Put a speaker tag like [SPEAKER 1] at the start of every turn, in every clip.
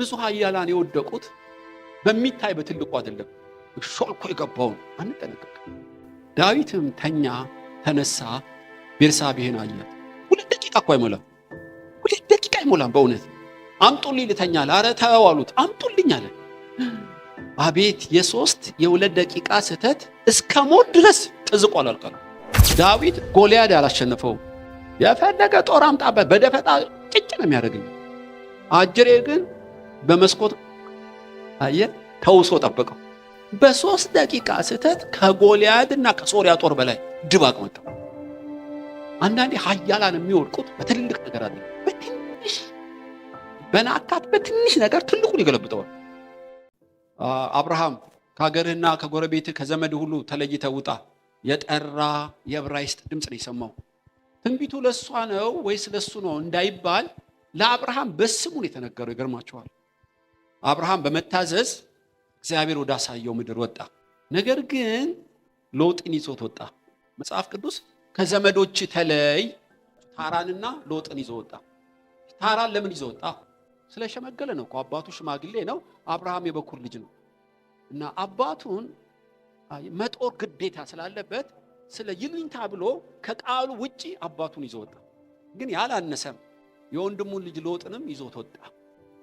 [SPEAKER 1] ብዙ ኃያላን የወደቁት በሚታይ በትልቁ አይደለም፣ ሾልኮ የገባው አንጠነቀቅ። ዳዊትም ተኛ፣ ተነሳ፣ ቤርሳቤህን አያት። ሁለት ደቂቃ እኮ አይሞላም፣ ሁለት ደቂቃ አይሞላም። በእውነት አምጡልኝ ልተኛል። አረ ተው አሉት። አምጡልኝ አለ። አቤት የሶስት የሁለት ደቂቃ ስህተት እስከ ሞት ድረስ ጥዝቆ አልቀረ። ዳዊት ጎልያድ አላሸነፈው። የፈለገ ጦር አምጣበት በደፈጣ ጭጭ ነው የሚያደርግኝ። አጅሬ ግን በመስኮት አየ ተውሶ ጠበቀው። በሶስት ደቂቃ ስህተት ከጎልያድ እና ከሶሪያ ጦር በላይ ድብ አቅመጠው። አንዳንዴ ሀያላን የሚወድቁት በትልልቅ ነገር አለ። በትንሽ በናካት በትንሽ ነገር ትልቁን ይገለብጠዋል። አብርሃም ከሀገርህና ከጎረቤትህ ከዘመድ ሁሉ ተለይተ ውጣ፣ የጠራ የዕብራይስጥ ድምፅ ነው የሰማው። ትንቢቱ ለእሷ ነው ወይስ ለእሱ ነው እንዳይባል ለአብርሃም በስሙ ነው የተነገረው። ይገርማቸዋል። አብርሃም በመታዘዝ እግዚአብሔር ወዳሳየው ምድር ወጣ። ነገር ግን ሎጥን ይዞት ወጣ። መጽሐፍ ቅዱስ ከዘመዶች ተለይ ታራንና ሎጥን ይዞ ወጣ። ታራን ለምን ይዞ ወጣ? ስለሸመገለ ነው። አባቱ ሽማግሌ ነው። አብርሃም የበኩር ልጅ ነው እና አባቱን መጦር ግዴታ ስላለበት ስለ ይሉኝታ ብሎ ከቃሉ ውጪ አባቱን ይዞ ወጣ። ግን ያላነሰም የወንድሙን ልጅ ሎጥንም ይዞት ወጣ።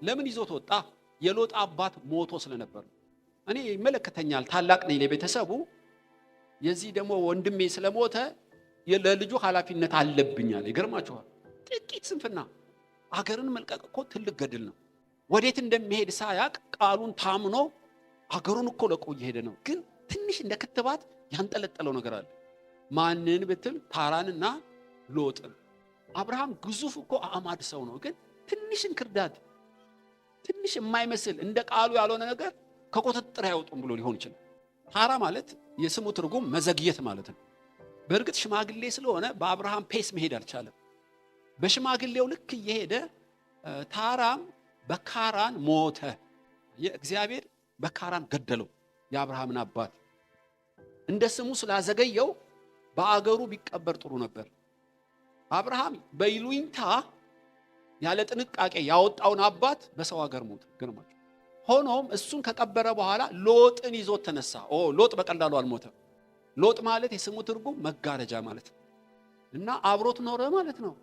[SPEAKER 1] ለምን ይዞት ወጣ? የሎጥ አባት ሞቶ ስለነበር እኔ ይመለከተኛል፣ ታላቅ ነኝ ለቤተሰቡ። የዚህ ደግሞ ወንድሜ ስለሞተ ለልጁ ኃላፊነት አለብኛል። ይገርማችኋል። ጥቂት ስንፍና አገርን መልቀቅ እኮ ትልቅ ገድል ነው። ወዴት እንደሚሄድ ሳያቅ ቃሉን ታምኖ አገሩን እኮ ለቆ እየሄደ ነው። ግን ትንሽ እንደ ክትባት ያንጠለጠለው ነገር አለ። ማንን ብትል ታራንና ሎጥን። አብርሃም ግዙፍ እኮ አዕማድ ሰው ነው። ግን ትንሽን ክርዳት ትንሽ የማይመስል እንደ ቃሉ ያልሆነ ነገር ከቁጥጥር ያወጡም ብሎ ሊሆን ይችላል። ታራ ማለት የስሙ ትርጉም መዘግየት ማለት ነው። በእርግጥ ሽማግሌ ስለሆነ በአብርሃም ፔስ መሄድ አልቻለም። በሽማግሌው ልክ እየሄደ ታራም በካራን ሞተ። የእግዚአብሔር በካራን ገደለው የአብርሃምን አባት እንደ ስሙ ስላዘገየው በአገሩ ቢቀበር ጥሩ ነበር። አብርሃም በይሉኝታ ያለ ጥንቃቄ ያወጣውን አባት በሰው ሀገር ሞት ግርማ ሆኖም እሱን ከቀበረ በኋላ ሎጥን ይዞት ተነሳ። ኦ ሎጥ በቀላሉ አልሞተም። ሎጥ ማለት የስሙ ትርጉም መጋረጃ ማለት ነው እና አብሮት ኖረ ማለት ነው።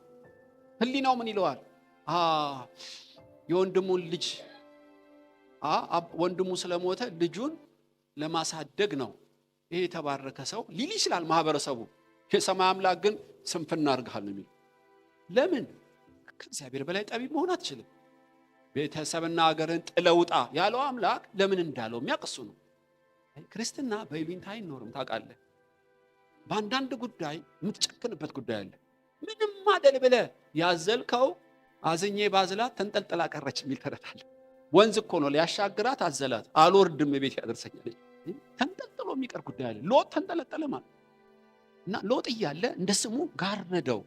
[SPEAKER 1] ህሊናው ምን ይለዋል? የወንድሙን ልጅ ወንድሙ ስለሞተ ልጁን ለማሳደግ ነው ይሄ የተባረከ ሰው ሊል ይችላል ማህበረሰቡ። የሰማይ አምላክ ግን ስንፍና አድርግሃል ነው የሚለው ለምን ከእግዚአብሔር በላይ ጠቢብ መሆን አትችልም። ቤተሰብና አገርን ጥለውጣ ያለው አምላክ ለምን እንዳለው የሚያቅሱ ነው። ክርስትና በይሉኝታ አይኖርም። ታውቃለህ፣ በአንዳንድ ጉዳይ የምትጨክንበት ጉዳይ አለ። ምንም አደል ብለ ያዘልከው አዝኜ ባዝላት ተንጠልጠላ ቀረች የሚል ተረት ወንዝ እኮ ነው ሊያሻግራት አዘላት፣ አልወርድም ቤት ያደርሰኛል። ተንጠልጥሎ የሚቀር ጉዳይ አለ። ሎጥ ተንጠለጠለ ማለት እና ሎጥ እያለ እንደ ስሙ ጋር ነደው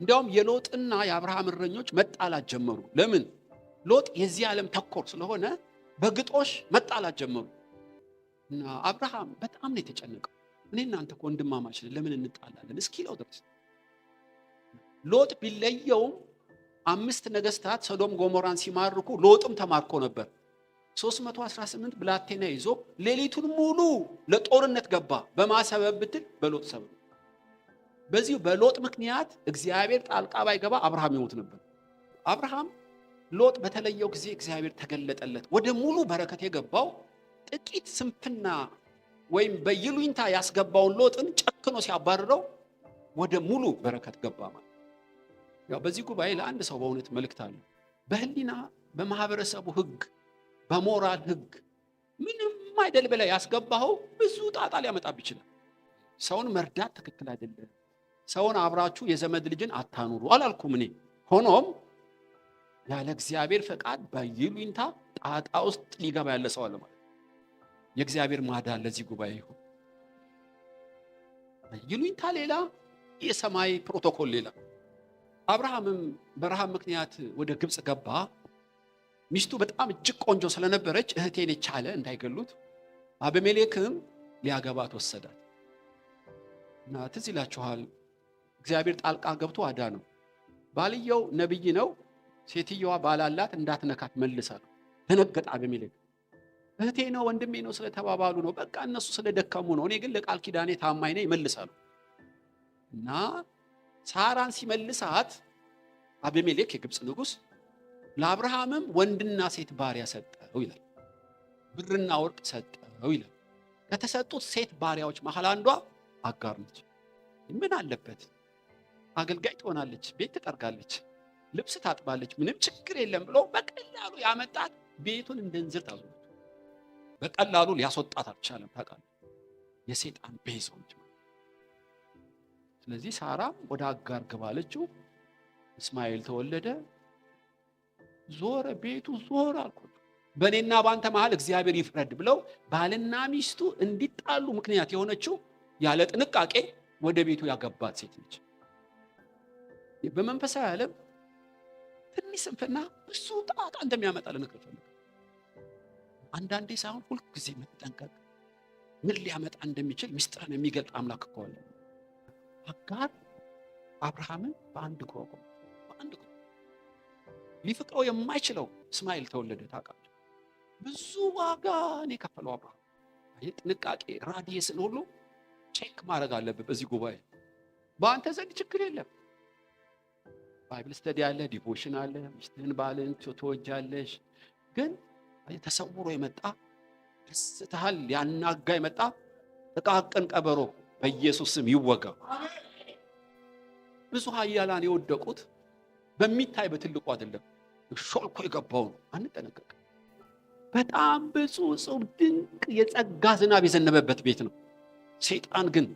[SPEAKER 1] እንዲያውም የሎጥና የአብርሃም እረኞች መጣላት ጀመሩ። ለምን? ሎጥ የዚህ ዓለም ተኮር ስለሆነ በግጦሽ መጣላት ጀመሩ። እና አብርሃም በጣም ነው የተጨነቀው። እኔ እናንተ እኮ ወንድማማች ነን ለምን እንጣላለን እስኪለው ድረስ ሎጥ ቢለየውም አምስት ነገስታት ሰዶም ጎሞራን ሲማርኩ ሎጥም ተማርኮ ነበር። 318 ብላቴና ይዞ ሌሊቱን ሙሉ ለጦርነት ገባ። በማሰበብ ብትል በሎጥ ሰበብ በዚህ በሎጥ ምክንያት እግዚአብሔር ጣልቃ ባይገባ አብርሃም ይሞት ነበር። አብርሃም ሎጥ በተለየው ጊዜ እግዚአብሔር ተገለጠለት። ወደ ሙሉ በረከት የገባው ጥቂት ስንፍና ወይም በይሉኝታ ያስገባውን ሎጥን ጨክኖ ሲያባርረው ወደ ሙሉ በረከት ገባ ማለት ያው በዚህ ጉባኤ ለአንድ ሰው በእውነት መልእክት አለ። በህሊና በማህበረሰቡ ህግ፣ በሞራል ህግ ምንም አይደል ብለህ ያስገባኸው ብዙ ጣጣ ሊያመጣብ ይችላል። ሰውን መርዳት ትክክል አይደለም። ሰውን አብራችሁ የዘመድ ልጅን አታኑሩ አላልኩም እኔ። ሆኖም ያለ እግዚአብሔር ፈቃድ በይሉኝታ ጣጣ ውስጥ ሊገባ ያለ ሰው አለ ማለት የእግዚአብሔር ማዳን ለዚህ ጉባኤ ይሁን። በይሉኝታ ሌላ፣ የሰማይ ፕሮቶኮል ሌላ። አብርሃምም በረሃብ ምክንያት ወደ ግብፅ ገባ። ሚስቱ በጣም እጅግ ቆንጆ ስለነበረች እህቴን የቻለ እንዳይገሉት አብሜሌክም ሊያገባት ወሰዳት እና ትዝ ይላችኋል እግዚአብሔር ጣልቃ ገብቶ አዳ ነው። ባልየው ነብይ ነው። ሴትየዋ ባላላት እንዳትነካት መልሳ ነው። ደነገጠ አቤሜሌክ። እህቴ ነው ወንድሜ ነው ስለተባባሉ ነው። በቃ እነሱ ስለደከሙ ነው። እኔ ግን ለቃል ኪዳኔ ታማኝ ነኝ መልሳሉ እና ሳራን ሲመልሳት አቤሜሌክ የግብፅ ንጉሥ ለአብርሃምም ወንድና ሴት ባሪያ ሰጠው ይላል። ብርና ወርቅ ሰጠው ይላል። ከተሰጡት ሴት ባሪያዎች መሀል አንዷ አጋር ነች። ምን አለበት? አገልጋይ ትሆናለች፣ ቤት ትጠርጋለች፣ ልብስ ታጥባለች፣ ምንም ችግር የለም ብሎ በቀላሉ ያመጣት ቤቱን እንደ እንዝር በቀላሉ ሊያስወጣት አልቻለም። ታውቃለህ፣ የሴጣን ቤዛዎች። ስለዚህ ሳራም ወደ አጋር ግባለችው፣ እስማኤል ተወለደ። ዞረ ቤቱ ዞረ አልኩ በእኔና በአንተ መሀል እግዚአብሔር ይፍረድ ብለው ባልና ሚስቱ እንዲጣሉ ምክንያት የሆነችው ያለ ጥንቃቄ ወደ ቤቱ ያገባት ሴት ነች። በመንፈሳዊ ዓለም ትንሽ ስንፍና ብዙ ጣጣ እንደሚያመጣ ልነግርህ ፈልግ። አንዳንዴ ሳይሆን ሁልጊዜ መጠንቀቅ፣ ምን ሊያመጣ እንደሚችል ምስጢርን የሚገልጥ አምላክ ከዋለ አጋር አብርሃምን በአንድ እግሩ በአንድ ጎ ሊፍቅረው የማይችለው እስማኤል ተወለደ። ታውቃለህ፣ ብዙ ዋጋን የከፈለው አብርሃም። ጥንቃቄ ራዲየስን ሁሉ ቼክ ማድረግ አለበት በዚህ ጉባኤ በአንተ ዘንድ ችግር የለም ባይብል ስተዲ አለ፣ ዲቮሽን አለ፣ ሚስትህን ባልን ትወጃለሽ። ግን ተሰውሮ የመጣ ደስትሃል ያናጋ የመጣ ጥቃቅን ቀበሮ በኢየሱስ ስም ይወገው። ብዙ ኃያላን የወደቁት በሚታይ በትልቁ አይደለም፣ ሾልኮ የገባው ነው። አንጠነቀቅ። በጣም ብዙ ጽብ ድንቅ የጸጋ ዝናብ የዘነበበት ቤት ነው። ሰይጣን ግን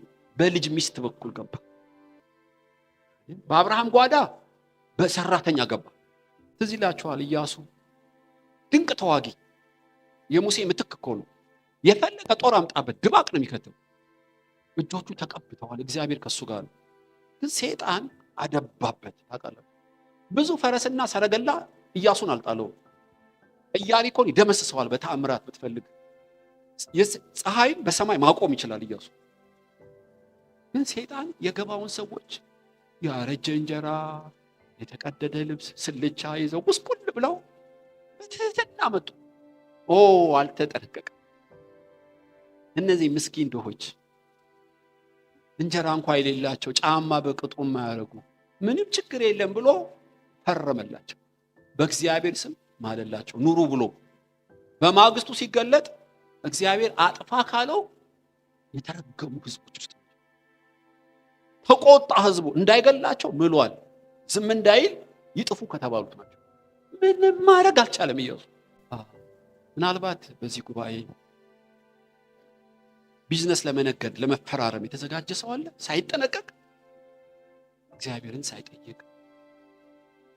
[SPEAKER 1] በልጅ ሚስት በኩል ገባ። በአብርሃም ጓዳ በሰራተኛ ገባ። ትዝ ይላችኋል ኢያሱ ድንቅ ተዋጊ የሙሴ ምትክ እኮ ነው። የፈለገ ጦር አምጣበት ድባቅ ነው የሚከተው። እጆቹ ተቀብተዋል። እግዚአብሔር ከሱ ጋር ነው። ግን ሴጣን አደባበት። ታውቃለህ፣ ብዙ ፈረስና ሰረገላ ኢያሱን አልጣለውም። ኢያሪኮን ይደመስሰዋል በተአምራት ብትፈልግ። ፀሐይን በሰማይ ማቆም ይችላል ኢያሱ። ግን ሴጣን የገባውን ሰዎች ያረጀ እንጀራ የተቀደደ ልብስ፣ ስልቻ ይዘው ውስቁል ብለው በትህትና መጡ። ኦ አልተጠነቀቀም። እነዚህ ምስኪን ድሆች እንጀራ እንኳ የሌላቸው ጫማ በቅጡ የማያደርጉ ምንም ችግር የለም ብሎ ፈረመላቸው። በእግዚአብሔር ስም ማለላቸው ኑሩ ብሎ በማግስቱ ሲገለጥ እግዚአብሔር አጥፋ ካለው የተረገሙ ህዝቦች ውስጥ ተቆጣ። ህዝቡ እንዳይገላቸው ምሏል። ዝም እንዳይል ይጥፉ ከተባሉት ናቸው። ምንም ማድረግ አልቻለም እየሱ ምናልባት በዚህ ጉባኤ ቢዝነስ ለመነገድ ለመፈራረም የተዘጋጀ ሰው አለ፣ ሳይጠነቀቅ እግዚአብሔርን ሳይጠይቅ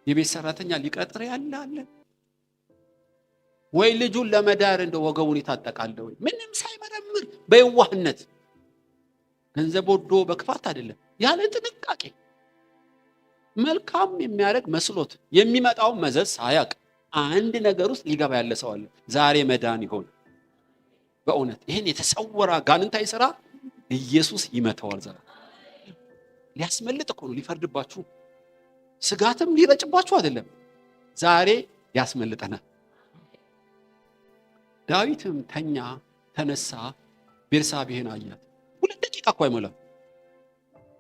[SPEAKER 1] የቤት ሰራተኛ ሊቀጥር ያለ አለ ወይ? ልጁን ለመዳር እንደ ወገቡን ይታጠቃለ ወይ? ምንም ሳይመረምር በየዋህነት ገንዘብ ወዶ በክፋት አይደለም፣ ያለ ጥንቃቄ መልካም የሚያደርግ መስሎት የሚመጣውን መዘዝ ሳያውቅ አንድ ነገር ውስጥ ሊገባ ያለ ሰው አለ። ዛሬ መዳን ይሆን? በእውነት ይህን የተሰወረ ጋንንታይ ስራ ኢየሱስ ይመተዋል። ዘ ሊያስመልጥ እኮ ነው። ሊፈርድባችሁ፣ ስጋትም ሊረጭባችሁ አይደለም። ዛሬ ያስመልጠናል። ዳዊትም ተኛ፣ ተነሳ፣ ቤርሳቤህን አያት። ሁለት ደቂቃ እኮ አይሞላም።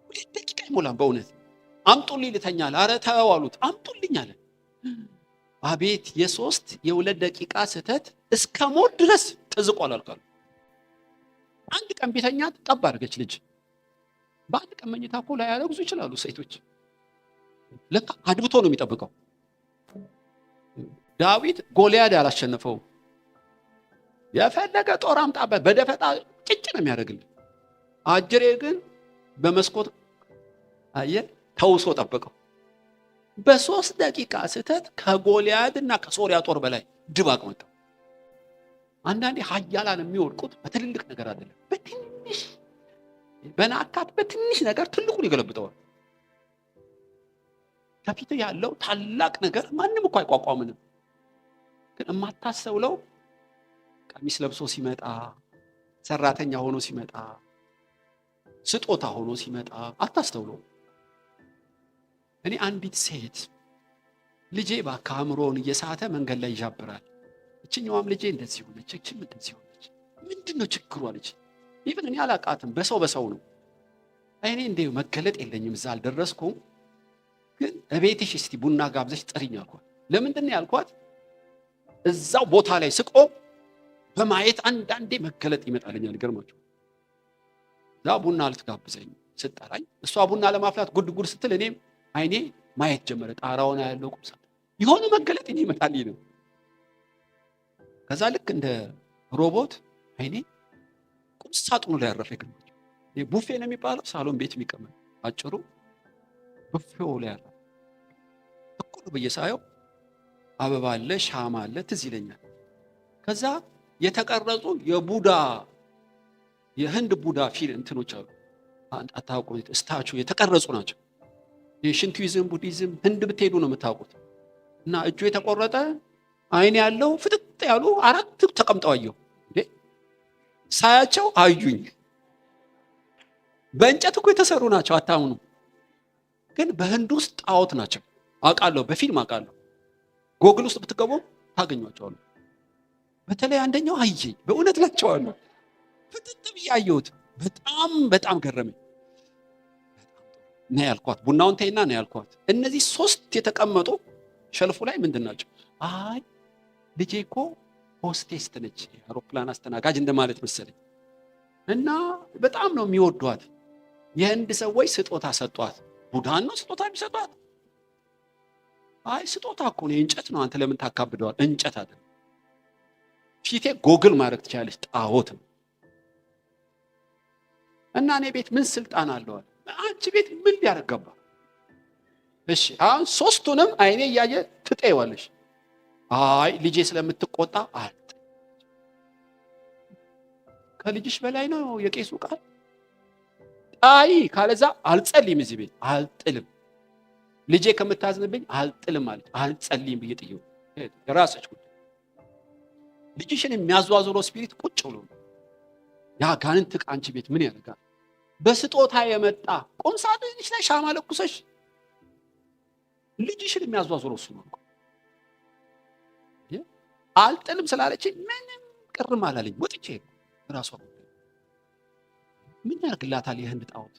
[SPEAKER 1] ሁለት ደቂቃ አይሞላም በእውነት አምጡልኝ ልተኛል። አረ ተው አሉት። አምጡልኝ አለ። አቤት የሶስት የሁለት ደቂቃ ስህተት እስከ ሞት ድረስ ተዝቋል አልካሉ። አንድ ቀን ቤተኛ ጠብ አድርገች ልጅ በአንድ ቀን መኝታ እኮ ላይ ያለግዙ ይችላሉ ሴቶች። ለካ አድብቶ ነው የሚጠብቀው። ዳዊት ጎልያድ ያላሸነፈው የፈለገ ጦር አምጣበት በደፈጣ ጭጭ ነው የሚያደርግልን። አጅሬ ግን በመስኮት አየህ ተውሶ ጠበቀው። በሶስት ደቂቃ ስህተት ከጎልያድ እና ከሶሪያ ጦር በላይ ድብ አቅመጠው። አንዳንዴ ሀያላን የሚወድቁት በትልልቅ ነገር አይደለም፣ በትንሽ በናካት በትንሽ ነገር ትልቁን ይገለብጠዋል። ከፊት ያለው ታላቅ ነገር ማንም እኮ አይቋቋምንም። ግን የማታሰውለው ቀሚስ ለብሶ ሲመጣ፣ ሰራተኛ ሆኖ ሲመጣ፣ ስጦታ ሆኖ ሲመጣ አታስተውለው። እኔ አንዲት ሴት ልጄ እባክህ አእምሮውን እየሳተ መንገድ ላይ ይዣብራል። እችኛዋም ልጄ እንደዚህ ሆነች፣ እችም እንደዚህ ሆነች። ምንድን ነው ችግሯ? ልጅ ይብን እኔ አላቃትም። በሰው በሰው ነው። እኔ እንደ መገለጥ የለኝም እዛ አልደረስኩም። ግን እቤትሽ እስቲ ቡና ጋብዘሽ ጥሪኝ አልኳት። ለምንድን ነው ያልኳት? እዛው ቦታ ላይ ስቆ በማየት አንዳንዴ መገለጥ ይመጣልኛል። ገርማቸው እዛ ቡና ልትጋብዘኝ ስጠራኝ እሷ ቡና ለማፍላት ጉድጉድ ስትል እኔም አይኔ ማየት ጀመረ። ጣራውን ያለው ቁምሳ የሆነ መገለጥ እኔ ይመጣልኝ ነው። ከዛ ልክ እንደ ሮቦት አይኔ ቁም ሳጥኑ ላይ ያረፈ ግማቸው ቡፌ ነው የሚባለው ሳሎን ቤት የሚቀመጥ አጭሩ ቡፌው ላይ ያረፈ እኩል ብዬ ሳየው አበባ አለ፣ ሻማ አለ፣ ትዝ ይለኛል። ከዛ የተቀረጹ የቡዳ የህንድ ቡዳ ፊል እንትኖች አሉ። አታውቁ? ስታቹ የተቀረጹ ናቸው። የሽንቱይዝም ቡዲዝም ህንድ ብትሄዱ ነው የምታውቁት። እና እጁ የተቆረጠ አይን ያለው ፍጥጥ ያሉ አራት ተቀምጠው አየሁ። ሳያቸው አዩኝ። በእንጨት እኮ የተሰሩ ናቸው አታምኑ። ግን በህንድ ውስጥ ጣዖት ናቸው አውቃለሁ፣ በፊልም አውቃለሁ። ጎግል ውስጥ ብትገቡ ታገኟቸዋሉ በተለይ አንደኛው አየኝ፣ በእውነት ናቸዋሉ ፍጥጥ ብያየሁት በጣም በጣም ገረመኝ። ነው ያልኳት። ቡናውን ተይና ነው ያልኳት። እነዚህ ሶስት የተቀመጡ ሸልፉ ላይ ምንድን ናቸው? አይ ልጄ እኮ ሆስቴስት ነች፣ አውሮፕላን አስተናጋጅ እንደማለት መሰለኝ። እና በጣም ነው የሚወዷት። የህንድ ሰዎች ስጦታ ሰጧት። ቡዳን ነው ስጦታ የሚሰጧት። አይ ስጦታ እኮ ነው እንጨት ነው፣ አንተ ለምን ታካብደዋል? እንጨት አለ። ፊቴ ጎግል ማድረግ ትችላለች። ጣዖት ነው። እና እኔ ቤት ምን ስልጣን አለዋል አንቺ ቤት ምን ሊያደርግ ገባ? እሺ አሁን ሶስቱንም አይኔ እያየ ትጠይዋለሽ። አይ ልጄ ስለምትቆጣ አል ከልጅሽ በላይ ነው የቄሱ ቃል። አይ ካለዛ አልጸልይም፣ እዚህ ቤት አልጥልም፣ ልጄ ከምታዝንብኝ አልጥልም ማለት አልጸልይም ብዬ ጥየው የራስሽ ጉዳይ። ልጅሽን የሚያዟዙረው ስፒሪት ቁጭ ብሎ ያ ጋንንት አንቺ ቤት ምን ያደርጋል? በስጦታ የመጣ ቁም ሳጥንሽ ላይ ሻማ ለኩሰሽ ልጅሽን የሚያዟዙረው እሱ ነው። አልጥልም ስላለች ምንም ቅርም አላለኝ። ወጥቼ ራሷ ምን ያርግላታል? የህንድ ጣዖት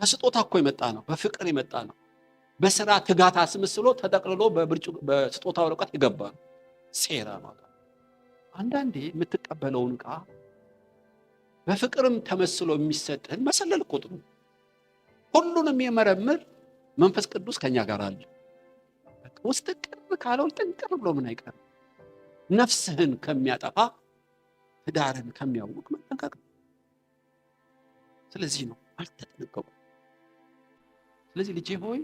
[SPEAKER 1] በስጦታ እኮ የመጣ ነው፣ በፍቅር የመጣ ነው። በስራ ትጋት አስመስሎ ተጠቅልሎ በስጦታ ወረቀት የገባ ነው። ሴራ ማለት አንዳንዴ የምትቀበለውን ዕቃ በፍቅርም ተመስሎ የሚሰጥህን መሰለል እኮ ጥሩ ሁሉንም የመረምር መንፈስ ቅዱስ ከኛ ጋር አለ። ውስጥ ቅርብ ካለው ጥንቅር ብሎ ምን አይቀርም። ነፍስህን ከሚያጠፋ ትዳርን ከሚያውቅ መጠንቀቅ ስለዚህ ነው አልተጠነቀቁ። ስለዚህ ልጄ ሆይ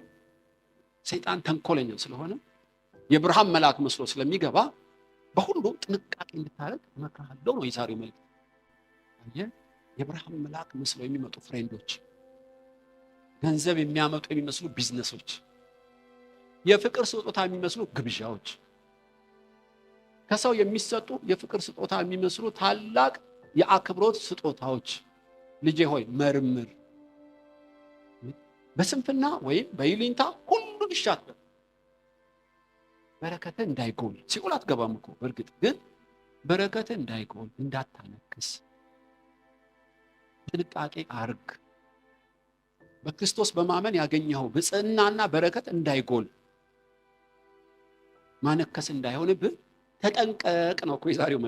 [SPEAKER 1] ሰይጣን ተንኮለኛ ስለሆነ የብርሃን መልአክ መስሎ ስለሚገባ በሁሉ ጥንቃቄ እንድታደርግ እመክርሃለሁ ነው የዛሬው መልዕክት። ካየ የብርሃን መልአክ መስለው የሚመጡ ፍሬንዶች፣ ገንዘብ የሚያመጡ የሚመስሉ ቢዝነሶች፣ የፍቅር ስጦታ የሚመስሉ ግብዣዎች፣ ከሰው የሚሰጡ የፍቅር ስጦታ የሚመስሉ ታላቅ የአክብሮት ስጦታዎች። ልጄ ሆይ መርምር። በስንፍና ወይም በይሉኝታ ሁሉን ይሻት በረከትህ እንዳይጎል ሲኦል አትገባም እኮ በእርግጥ ግን በረከትህ እንዳይጎል እንዳታነክስ ጥንቃቄ አርግ። በክርስቶስ በማመን ያገኘኸው ብፅዕናና በረከት እንዳይጎል ማነከስ እንዳይሆንብህ ተጠንቀቅ ነው እኮ የዛሬው